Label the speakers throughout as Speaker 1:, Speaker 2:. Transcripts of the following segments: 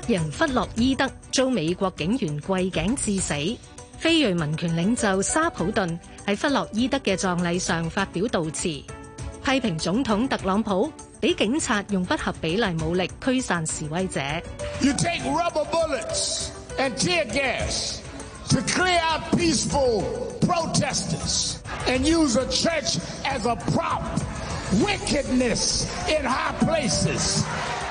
Speaker 1: 黑人弗洛伊德遭美國警員跪頸致死，非裔民權領袖沙普頓喺弗洛伊德嘅葬禮上發表悼詞，批評總統特朗普俾警察用不合比例武力驅散示威者。
Speaker 2: You take rubber bullets and tear gas to clear out peaceful protesters and use a church as a prop. Wickedness in high places.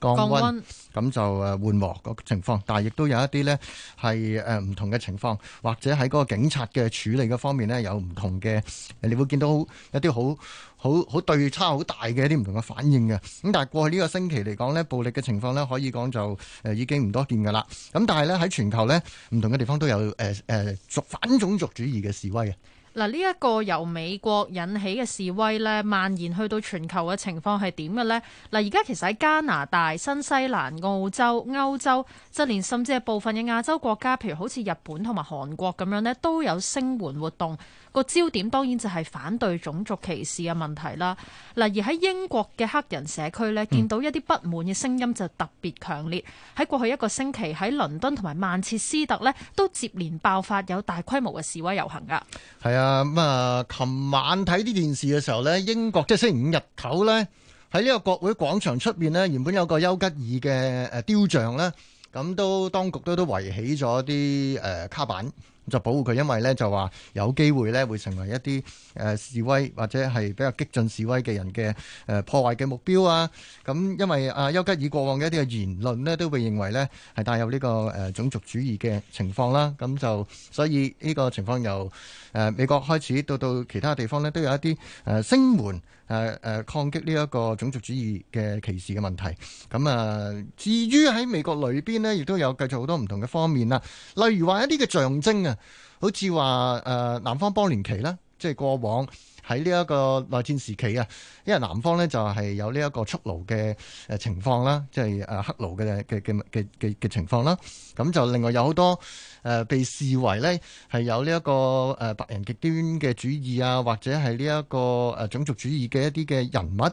Speaker 3: 降溫咁就誒緩和個情況，但係亦都有一啲呢係誒唔同嘅情況，或者喺嗰個警察嘅處理嘅方面呢，有唔同嘅，你會見到一啲好好好對差好大嘅一啲唔同嘅反應嘅。咁但係過去呢個星期嚟講呢，暴力嘅情況呢，可以講就誒已經唔多見㗎喇。咁但係呢，喺全球呢，唔同嘅地方都有誒誒反種族主義嘅示威嘅。
Speaker 4: 嗱，呢一個由美國引起嘅示威咧，蔓延去到全球嘅情況係點嘅呢？嗱，而家其實喺加拿大、新西蘭、澳洲、歐洲，即連甚至係部分嘅亞洲國家，譬如好似日本同埋韓國咁樣呢，都有聲援活動。個焦點當然就係反對種族歧視嘅問題啦。嗱，而喺英國嘅黑人社區呢、嗯、見到一啲不滿嘅聲音就特別強烈。喺過去一個星期，喺倫敦同埋曼徹斯特呢都接連爆發有大規模嘅示威遊行噶。
Speaker 3: 係啊，咁、嗯、啊，琴晚睇啲電視嘅時候呢，英國即係星期五日頭呢，喺呢個國會廣場出面呢，原本有個丘吉爾嘅誒雕像呢，咁都當局都都圍起咗啲誒卡板。就保護佢，因為呢就話有機會呢會成為一啲誒、呃、示威或者係比較激進示威嘅人嘅誒、呃、破壞嘅目標啊。咁、嗯、因為阿丘、呃、吉爾過往嘅一啲嘅言論呢，都被認為呢係帶有呢、這個誒、呃、種族主義嘅情況啦。咁、嗯、就所以呢個情況由誒、呃、美國開始到到其他地方呢，都有一啲誒、呃、聲援誒誒、呃呃、抗擊呢一個種族主義嘅歧視嘅問題。咁、嗯、啊、呃，至於喺美國裏邊呢，亦都有繼續好多唔同嘅方面啦，例如話一啲嘅象徵啊。好似話誒，南方邦聯旗啦，即係過往喺呢一個內戰時期啊，因為南方咧就係有呢一個蓄奴嘅誒情況啦，即係誒黑奴嘅嘅嘅嘅嘅嘅情況啦，咁就另外有好多誒被視為咧係有呢一個誒白人極端嘅主義啊，或者係呢一個誒種族主義嘅一啲嘅人物。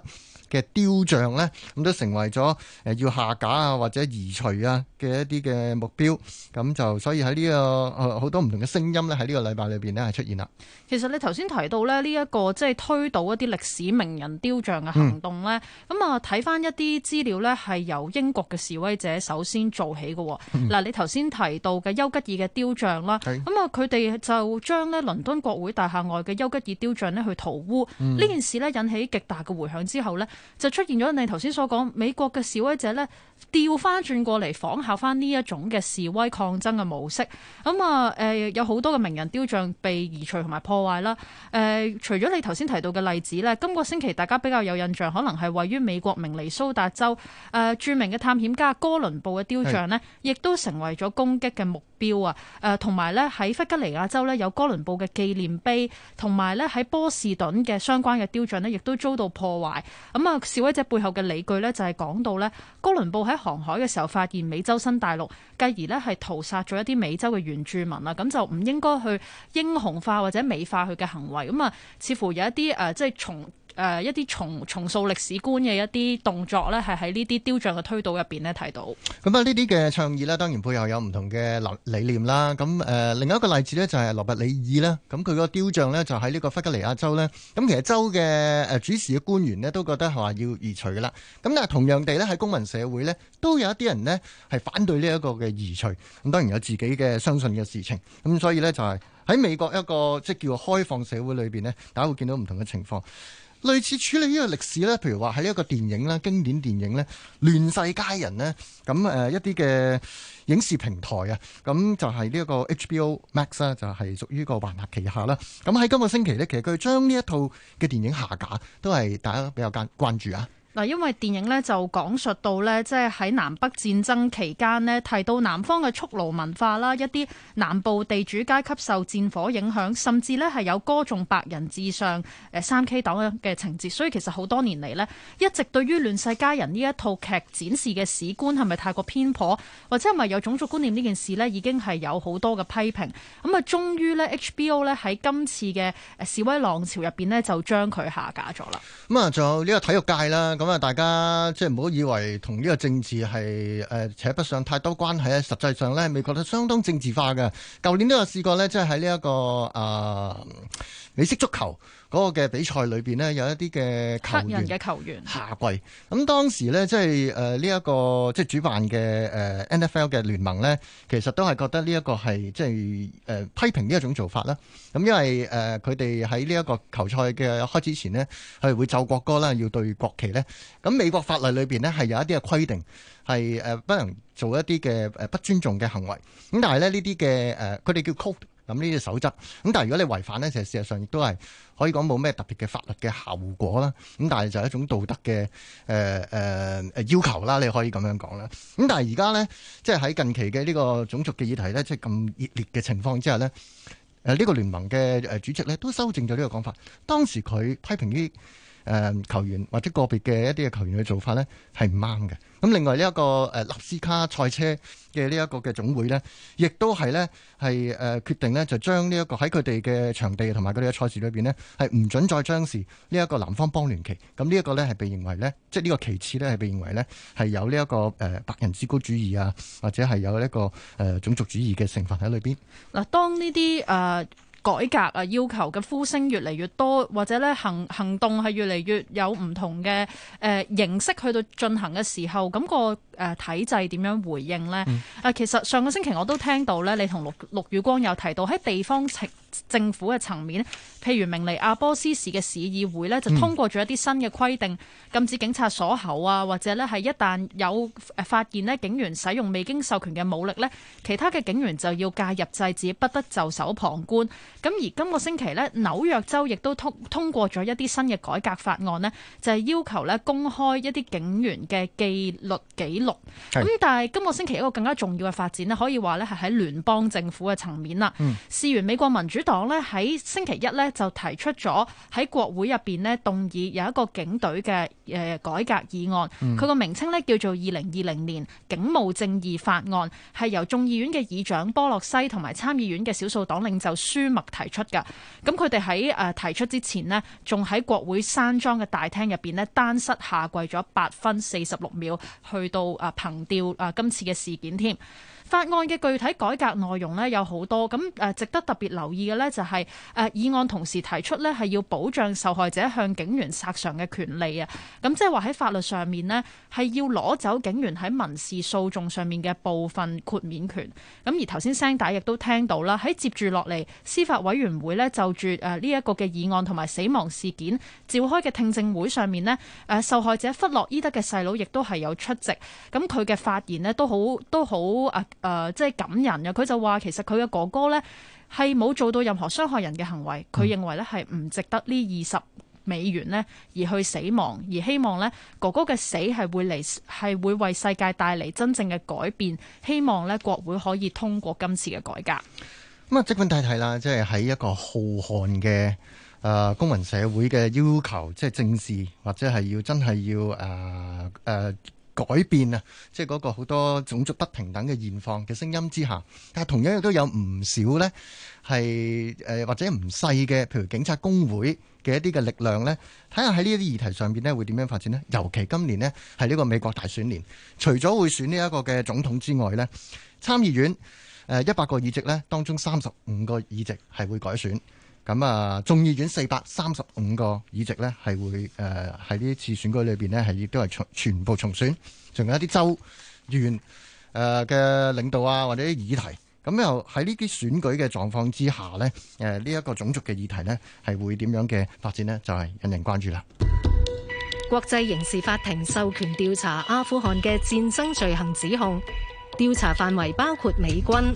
Speaker 3: 嘅雕像呢，咁都成為咗誒要下架啊或者移除啊嘅一啲嘅目標，咁就所以喺呢、這個好多唔同嘅聲音呢，喺呢個禮拜裏邊呢，係出現啦。
Speaker 4: 其實你頭先提到呢、這個，呢一個即係推倒一啲歷史名人雕像嘅行動呢，咁啊睇翻一啲資料呢，係由英國嘅示威者首先做起嘅。嗱、嗯，你頭先提到嘅丘吉爾嘅雕像啦，咁啊佢哋就將呢倫敦國會大廈外嘅丘吉爾雕像呢，去塗污，呢、嗯、件事呢，引起極大嘅迴響之後呢。就出現咗你頭先所講美國嘅示威者咧，調翻轉過嚟仿效翻呢一種嘅示威抗爭嘅模式。咁、嗯、啊，誒、呃、有好多嘅名人雕像被移除同埋破壞啦。誒、呃，除咗你頭先提到嘅例子咧，今個星期大家比較有印象，可能係位於美國明尼蘇達州誒、呃、著名嘅探險家哥倫布嘅雕像咧，亦都成為咗攻擊嘅目標啊。誒、呃，同埋咧喺弗吉尼亞州咧有哥倫布嘅紀念碑，同埋咧喺波士頓嘅相關嘅雕像咧，亦都遭到破壞。咁、嗯。咁啊！示威者背後嘅理據咧，就係、是、講到呢：哥倫布喺航海嘅時候發現美洲新大陸，繼而呢係屠殺咗一啲美洲嘅原住民啊，咁就唔應該去英雄化或者美化佢嘅行為，咁、嗯、啊，似乎有一啲誒、呃，即係從。誒、呃、一啲重重塑歷史觀嘅一啲動作呢係喺呢啲雕像嘅推導入邊呢睇到。
Speaker 3: 咁啊、嗯，呢啲嘅倡議呢，當然背後有唔同嘅理念啦。咁、嗯、誒、呃，另一個例子呢，就係、是、羅伯里爾啦。咁佢個雕像呢，就喺、是、呢個弗吉尼亞州呢。咁其實州嘅誒主持嘅官員呢，都覺得話要移除啦。咁但係同樣地呢，喺公民社會呢，都有一啲人呢，係反對呢一個嘅移除。咁、嗯、當然有自己嘅相信嘅事情。咁、嗯、所以呢，就係、是、喺美國一個即係叫做開放社會裏邊呢，大家會見到唔同嘅情況。類似處理呢個歷史咧，譬如話喺一個電影啦，經典電影咧，《亂世佳人》咧，咁誒一啲嘅影視平台啊，咁就係、是、呢一個 HBO Max 啦，就係屬於個華納旗下啦。咁喺今個星期咧，其實佢將呢一套嘅電影下架，都係大家比較關關注啊。
Speaker 4: 嗱，因為電影呢，就講述到呢，即係喺南北戰爭期間呢，提到南方嘅蓄奴文化啦，一啲南部地主階級受戰火影響，甚至呢係有歌頌白人至上誒三 K 黨嘅情節，所以其實好多年嚟呢，一直對於《亂世佳人》呢一套劇展示嘅史觀係咪太過偏頗，或者係咪有種族觀念呢件事呢，已經係有好多嘅批評。咁啊，終於呢 HBO 呢喺今次嘅示威浪潮入邊呢，就將佢下架咗啦。
Speaker 3: 咁啊，仲有呢個體育界啦。咁啊，大家即係唔好以為同呢個政治係誒扯不上太多關係啊！實際上咧，美國都相當政治化嘅。舊年都有試過咧，即係喺呢一個誒、呃，美式足球。嗰個嘅比賽裏邊呢，有一啲嘅球員嘅
Speaker 4: 球員下
Speaker 3: 跪。咁當時呢，呃這個、即係誒呢一個即係主辦嘅誒、呃、NFL 嘅聯盟呢，其實都係覺得呢一個係即係誒批評呢一種做法啦。咁因為誒佢哋喺呢一個球賽嘅開始前咧，係會奏國歌啦，要對國旗呢。咁美國法律裏邊呢，係有一啲嘅規定，係誒不能做一啲嘅誒不尊重嘅行為。咁但係咧呢啲嘅誒，佢哋、呃、叫 code 咁呢啲守則，咁但係如果你違反咧，就事實上亦都係可以講冇咩特別嘅法律嘅效果啦。咁但係就係一種道德嘅誒誒誒要求啦，你可以咁樣講啦。咁但係而家咧，即係喺近期嘅呢個種族嘅議題咧，即係咁熱烈嘅情況之下咧，誒、這、呢個聯盟嘅誒主席咧都修正咗呢個講法。當時佢批評於，誒、呃、球員或者個別嘅一啲嘅球員嘅做法呢，係唔啱嘅。咁另外呢、這、一個誒、呃、納斯卡賽車嘅呢一個嘅總會呢，亦都係呢，係誒決定呢，就將呢一個喺佢哋嘅場地同埋佢哋嘅賽事裏邊呢，係唔准再展示呢一個南方邦聯旗。咁呢一個呢，係被認為呢，即係呢個旗幟呢，係被認為呢，係有呢、這、一個誒、呃、白人至上主義啊，或者係有呢、這、一個誒、呃、種族主義嘅成分喺裏邊。
Speaker 4: 嗱，當呢啲誒。改革啊！要求嘅呼聲越嚟越多，或者咧行行動係越嚟越有唔同嘅誒、呃、形式去到進行嘅時候，咁、那個誒、呃、體制點樣回應呢？誒、嗯啊、其實上個星期我都聽到咧，你同陸陸宇光有提到喺地方情。政府嘅層面，譬如明尼阿波斯市嘅市議會呢，就通過咗一啲新嘅規定，禁止警察鎖喉啊，或者呢，係一旦有發現呢，警員使用未經授權嘅武力呢，其他嘅警員就要介入制止，不得袖手旁觀。咁而今個星期呢，紐約州亦都通通過咗一啲新嘅改革法案呢，就係、是、要求呢，公開一啲警員嘅紀律紀錄。咁是但係今個星期一個更加重要嘅發展呢，可以話呢係喺聯邦政府嘅層面啦。事緣、嗯、美國民主。黨咧喺星期一咧就提出咗喺國會入邊咧動議有一個警隊嘅誒改革議案，佢個、嗯、名稱咧叫做《二零二零年警務正義法案》，係由眾議院嘅議長波洛西同埋參議院嘅少數黨領袖舒默提出噶。咁佢哋喺誒提出之前咧，仲喺國會山莊嘅大廳入邊咧單膝下跪咗八分四十六秒，去到啊憑吊啊今次嘅事件添。法案嘅具體改革內容呢，有好多，咁誒值得特別留意嘅呢、就是，就係誒議案同時提出呢，係要保障受害者向警員索償嘅權利啊，咁即係話，喺法律上面呢，係要攞走警員喺民事訴訟上面嘅部分豁免權。咁而頭先聲帶亦都聽到啦，喺接住落嚟司法委員會呢，就住誒呢一個嘅議案同埋死亡事件召開嘅聽證會上面呢，誒受害者弗洛伊德嘅細佬亦都係有出席，咁佢嘅發言呢，都好都好誒。啊誒、呃，即係感人嘅。佢就話其實佢嘅哥哥呢係冇做到任何傷害人嘅行為。佢認為呢係唔值得呢二十美元呢而去死亡，而希望呢哥哥嘅死係會嚟，係會為世界帶嚟真正嘅改變。希望呢國會可以通過今次嘅改革。
Speaker 3: 咁啊、嗯，嗯、即管睇睇啦，即係喺一個浩瀚嘅誒、呃、公民社會嘅要求，即係政治或者係要真係要誒誒。呃呃改變啊！即係嗰個好多種族不平等嘅現況嘅聲音之下，但係同樣亦都有唔少呢係誒、呃、或者唔細嘅，譬如警察工會嘅一啲嘅力量呢，睇下喺呢啲議題上邊呢會點樣發展呢？尤其今年呢，係呢個美國大選年，除咗會選呢一個嘅總統之外呢，參議院誒一百個議席呢，當中三十五個議席係會改選。咁啊，眾議院四百三十五個議席呢，係會誒喺呢次選舉裏邊呢，係亦都係全全部重選，仲有一啲州縣誒嘅領導啊，或者啲議題。咁又喺呢啲選舉嘅狀況之下呢，誒呢一個種族嘅議題呢，係會點樣嘅發展呢？就係引人關注啦。
Speaker 1: 國際刑事法庭授權調查阿富汗嘅戰爭罪行指控，調查範圍包括美軍。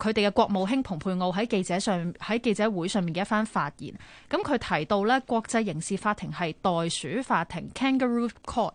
Speaker 4: 佢哋嘅國務卿蓬佩奧喺記者上喺記者會上面嘅一番發言，咁佢提到呢，國際刑事法庭係袋鼠法庭 k a n g a r o o court）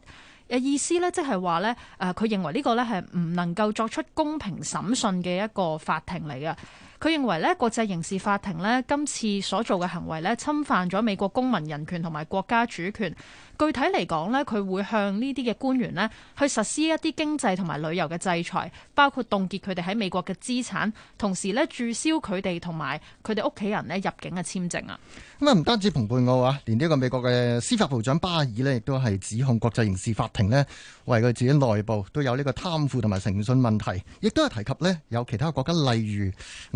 Speaker 4: 嘅意思呢，即係話呢，誒，佢認為呢個呢係唔能夠作出公平審訊嘅一個法庭嚟嘅。佢認為咧，國際刑事法庭咧今次所做嘅行為咧，侵犯咗美國公民人權同埋國家主權。具體嚟講咧，佢會向呢啲嘅官員咧，去實施一啲經濟同埋旅遊嘅制裁，包括凍結佢哋喺美國嘅資產，同時咧註銷佢哋同埋佢哋屋企人咧入境嘅簽證啊。咁
Speaker 3: 啊，唔單止蓬佩奧啊，連呢個美國嘅司法部長巴爾呢，亦都係指控國際刑事法庭咧，為佢自己內部都有呢個貪腐同埋誠信問題，亦都係提及呢有其他國家例如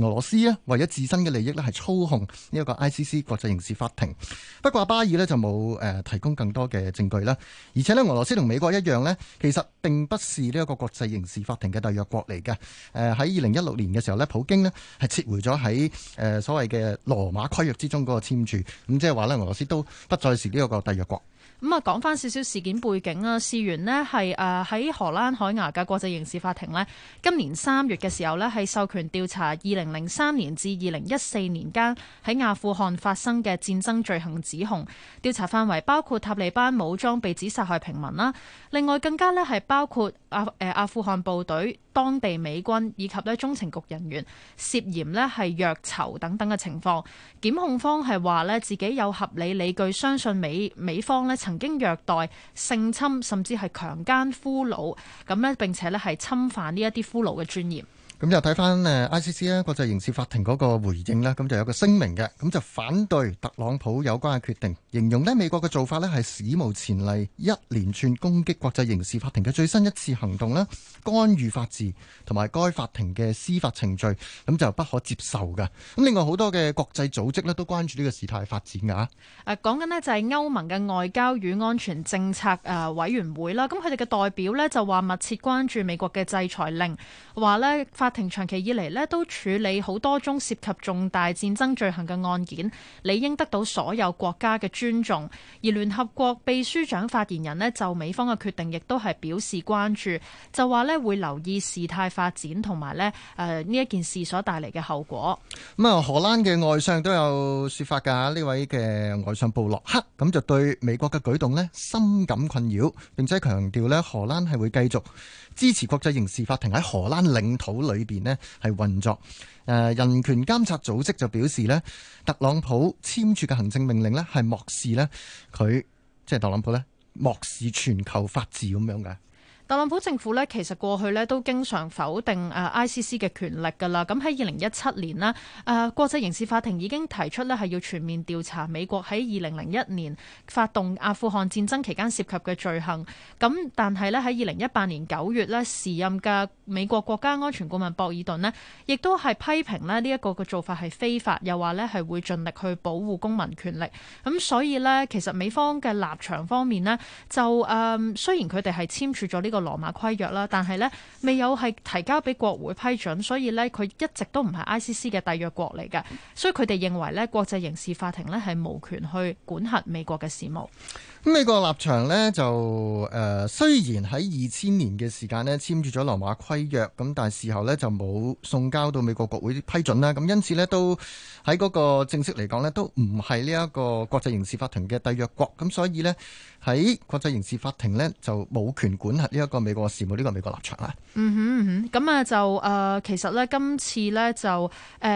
Speaker 3: 俄羅斯啊，為咗自身嘅利益咧，係操控呢一個 ICC 國際刑事法庭。不過巴爾咧就冇誒提供更多嘅證據啦。而且咧，俄羅斯同美國一樣咧，其實並不是呢一個國際刑事法庭嘅締約國嚟嘅。誒喺二零一六年嘅時候咧，普京咧係撤回咗喺誒所謂嘅羅馬規約之中嗰個簽署。咁即係話咧，俄羅斯都不再是呢一個締約國。
Speaker 4: 咁啊，講翻少少事件背景啊，事源咧係誒喺荷蘭海牙嘅國際刑事法庭咧，今年三月嘅時候咧，係授權調查二零零三年至二零一四年間喺阿富汗發生嘅戰爭罪行指控，調查範圍包括塔利班武裝被指殺害平民啦，另外更加咧係包括，阿誒阿富汗部隊、當地美軍以及咧中情局人員涉嫌咧係虐囚等等嘅情況，檢控方係話咧自己有合理理據相信美美方咧曾經虐待、性侵甚至係強姦俘虜，咁咧並且咧係侵犯呢一啲俘虜嘅尊嚴。
Speaker 3: 咁又睇翻誒 ICC 啊，國際刑事法庭嗰個回應啦，咁就有個聲明嘅，咁就反對特朗普有關嘅決定，形容咧美國嘅做法咧係史無前例，一連串攻擊國際刑事法庭嘅最新一次行動啦，干預法治同埋該法庭嘅司法程序，咁就不可接受噶。咁另外好多嘅國際組織咧都關注呢個事態發展嘅
Speaker 4: 嚇。誒講緊咧就係歐盟嘅外交與安全政策誒委員會啦，咁佢哋嘅代表咧就話密切關注美國嘅制裁令，話咧法庭長期以嚟呢都處理好多宗涉及重大戰爭罪行嘅案件，理應得到所有國家嘅尊重。而聯合國秘書長發言人呢就美方嘅決定，亦都係表示關注，就話呢會留意事態發展同埋呢誒呢一件事所帶嚟嘅後果。
Speaker 3: 咁啊，荷蘭嘅外相都有說法㗎，呢位嘅外相布洛克咁就對美國嘅舉動呢深感困擾，並且強調呢荷蘭係會繼續。支持國際刑事法庭喺荷蘭領土裏邊呢係運作。誒、呃、人權監察組織就表示，呢特朗普簽署嘅行政命令呢係漠視呢，佢即係特朗普呢漠視全球法治咁樣嘅。
Speaker 4: 特朗普政府呢，其實過去呢都經常否定誒 ICC 嘅權力噶啦。咁喺二零一七年咧，誒國際刑事法庭已經提出呢，係要全面調查美國喺二零零一年發動阿富汗戰爭期間涉及嘅罪行。咁但係呢，喺二零一八年九月呢，時任嘅美國國家安全顧問博爾頓呢，亦都係批評咧呢一個嘅做法係非法，又話呢係會盡力去保護公民權利。咁所以呢，其實美方嘅立場方面呢，就誒雖然佢哋係簽署咗呢個。羅馬規約啦，但係咧未有係提交俾國會批准，所以咧佢一直都唔係 ICC 嘅締約國嚟嘅，所以佢哋認為咧國際刑事法庭咧係無權去管轄美國嘅事務。
Speaker 3: 美國立場呢，就誒、呃，雖然喺二千年嘅時間咧簽署咗羅馬規約，咁但係事後呢就冇送交到美國國會批准啦。咁因此呢，都喺嗰個正式嚟講呢都唔係呢一個國際刑事法庭嘅締約國。咁所以呢，喺國際刑事法庭呢，就冇權管轄呢一個美國事務。呢、這個美國立場啊、嗯。
Speaker 4: 嗯哼，咁啊就誒、呃，其實呢，今次呢，就誒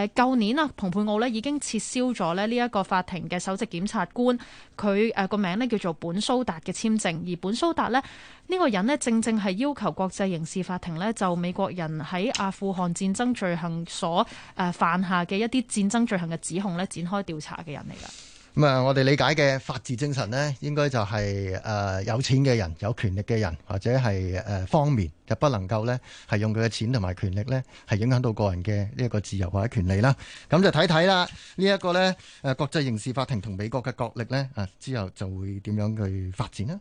Speaker 4: 舊、呃、年啊，蓬佩奧呢已經撤銷咗咧呢一個法庭嘅首席檢察官，佢誒個名呢叫做，本蘇達嘅簽證，而本蘇達呢呢個人呢，正正係要求國際刑事法庭呢就美國人喺阿富汗戰爭罪行所誒犯下嘅一啲戰爭罪行嘅指控呢展開調查嘅人嚟㗎。
Speaker 3: 咁啊、嗯，我哋理解嘅法治精神呢，應該就係、是、誒、呃、有錢嘅人、有權力嘅人或者係誒、呃、方面，就不能夠呢係用佢嘅錢同埋權力呢係影響到個人嘅呢一個自由或者權利啦。咁就睇睇啦，呢一個呢誒、呃、國際刑事法庭同美國嘅角力呢，啊，之後就會點樣去發展呢？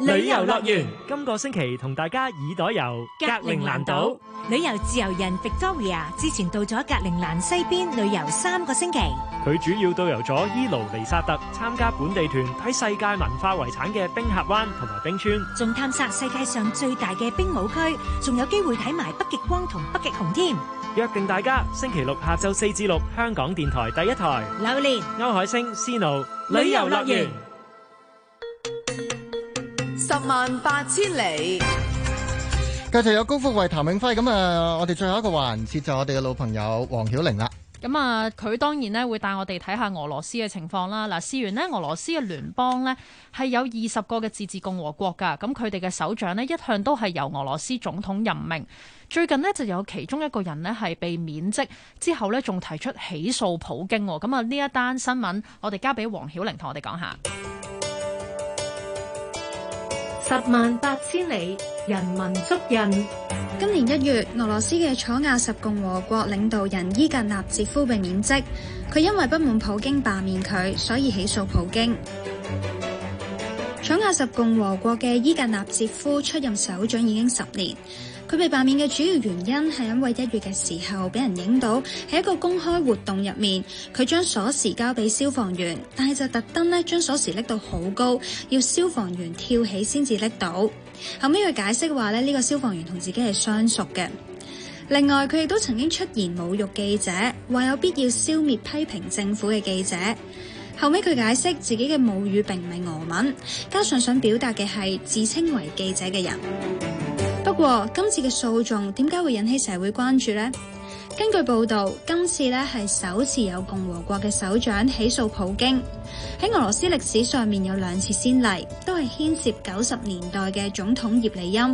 Speaker 3: 旅遊樂園，
Speaker 1: 今個星期同大家耳朵遊格陵蘭島。旅遊自由人 Victoria 之前到咗格陵蘭西邊旅遊三個星期，佢主要導遊咗伊盧尼薩特，參加本地團睇世界文化遺產嘅冰峽灣同埋冰川，仲探索世界上最大嘅冰舞區，仲有機會睇埋北極光同北極熊添。約定大家星期六下晝四至六，香港電台第一台。柳蓮、歐海星、Snow 旅遊樂園。十萬八千里，
Speaker 3: 繼續有高福為譚永輝，咁啊，我哋最後一個環節就我哋嘅老朋友黃曉玲啦。
Speaker 1: 咁、嗯、啊，
Speaker 4: 佢當然咧會帶我哋睇下俄羅斯嘅情況啦。嗱、啊，事緣咧，俄羅斯嘅聯邦咧係有二十個嘅自治共和國噶，咁佢哋嘅首長咧一向都係由俄羅斯總統任命。最近咧就有其中一個人咧係被免職，之後咧仲提出起訴普京。咁啊，呢、啊、一單新聞我哋交俾黃曉玲同我哋講下。
Speaker 5: 十萬八千里，
Speaker 1: 人文足印。
Speaker 5: 今年一月，俄羅斯嘅楚瓦什共和國領導人伊格納捷夫被免職，佢因為不滿普京罷免佢，所以起訴普京。楚瓦什共和國嘅伊格納捷夫出任首長已經十年。佢被罷免嘅主要原因係因為一月嘅時候俾人影到，喺一個公開活動入面，佢將鎖匙交俾消防員，但係就特登咧將鎖匙拎到好高，要消防員跳起先至拎到。後尾，佢解釋話咧呢個消防員同自己係相熟嘅。另外佢亦都曾經出言侮辱記者，話有必要消滅批評政府嘅記者。後尾，佢解釋自己嘅母語並唔係俄文，加上想表達嘅係自稱為記者嘅人。今次嘅訴訟點解會引起社會關注呢？根據報道，今次咧係首次有共和國嘅首長起訴普京。喺俄羅斯歷史上面有兩次先例，都係牽涉九十年代嘅總統葉利欽。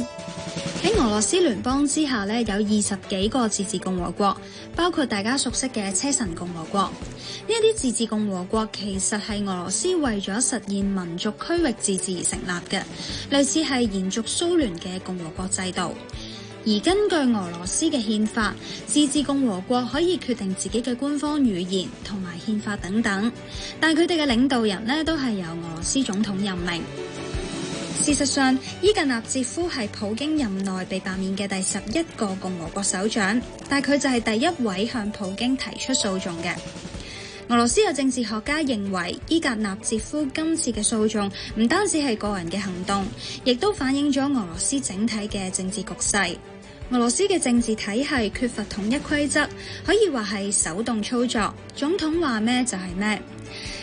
Speaker 5: 喺俄羅斯聯邦之下呢，有二十幾個自治共和國，包括大家熟悉嘅車臣共和國。呢一啲自治共和國其實係俄羅斯為咗實現民族區域自治而成立嘅，類似係延續蘇聯嘅共和國制度。而根據俄羅斯嘅憲法，自治共和國可以決定自己嘅官方語言同埋憲法等等，但佢哋嘅領導人呢，都係由俄羅斯總統任命。事實上，伊格納捷夫係普京任內被罷免嘅第十一個共和國首長，但佢就係第一位向普京提出訴訟嘅。俄羅斯有政治學家認為，伊格納捷夫今次嘅訴訟唔單止係個人嘅行動，亦都反映咗俄羅斯整體嘅政治局勢。俄羅斯嘅政治體系缺乏統一規則，可以話係手動操作，總統話咩就係咩。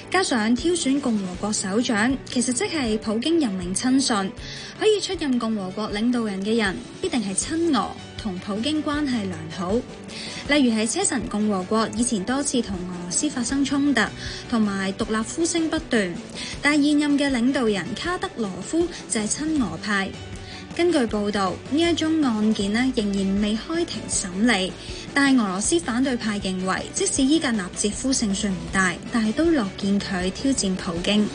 Speaker 5: 加上挑選共和國首長，其實即係普京任命親信，可以出任共和國領導人嘅人，必定係親俄。同普京關係良好，例如係車臣共和國以前多次同俄羅斯發生衝突，同埋獨立呼聲不斷。但現任嘅領導人卡德羅夫就係親俄派。根據報導，呢一宗案件呢，仍然未開庭審理，但係俄羅斯反對派認為，即使伊格納捷夫勝算唔大，但係都樂見佢挑戰普京。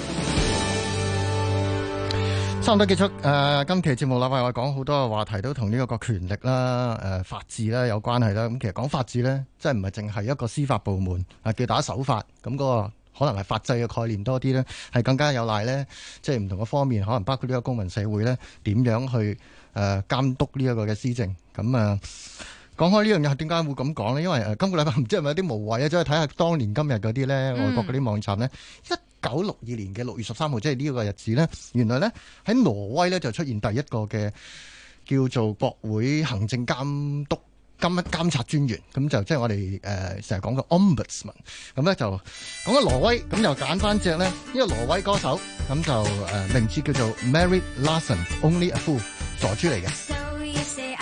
Speaker 3: 差唔多結束誒，今期節目啦，我哋講好多嘅話題都同呢一個權力啦、誒、呃、法治啦有關係啦。咁其實講法治咧，即係唔係淨係一個司法部門啊，叫打手法。咁、那、嗰個可能係法制嘅概念多啲咧，係更加有賴咧，即係唔同嘅方面，可能包括呢個公民社會咧，點樣去誒監、呃、督呢一個嘅施政。咁、嗯、啊，講開呢樣嘢，點解會咁講呢？因為誒、呃、今個禮拜唔知係咪有啲無謂啊？走去睇下當年今日嗰啲咧，外國嗰啲網站咧一嗯九六二年嘅六月十三號，即係呢個日子咧，原來咧喺挪威咧就出現第一個嘅叫做國會行政監督監監察專員，咁就即係我哋誒成日講嘅 ombudsman，咁咧就講咗挪威，咁又揀翻隻咧，呢個挪威歌手，咁就誒、呃、名字叫做 Mary Larson，Only a fool 傻豬嚟嘅。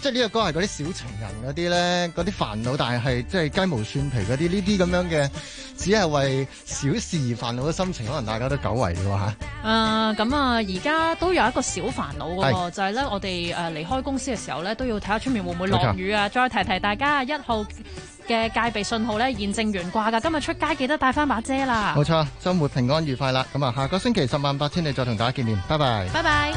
Speaker 3: 即係呢個歌係嗰啲小情人嗰啲咧，嗰啲煩惱，但係係即係雞毛蒜皮嗰啲，呢啲咁樣嘅，只係為小事而煩惱嘅心情，可能大家都久違咗吓。
Speaker 4: 誒，咁啊，而家、呃、都有一個小煩惱嘅，是就係咧，我哋誒離開公司嘅時候咧，都要睇下出面會唔會落雨啊！錯再提提大家一號嘅戒備信號咧，驗證完掛噶，今日出街記得帶翻把遮啦。冇
Speaker 3: 錯，生活平安愉快啦！咁啊，下個星期十萬八千里再同大家見面，拜拜，拜
Speaker 4: 拜。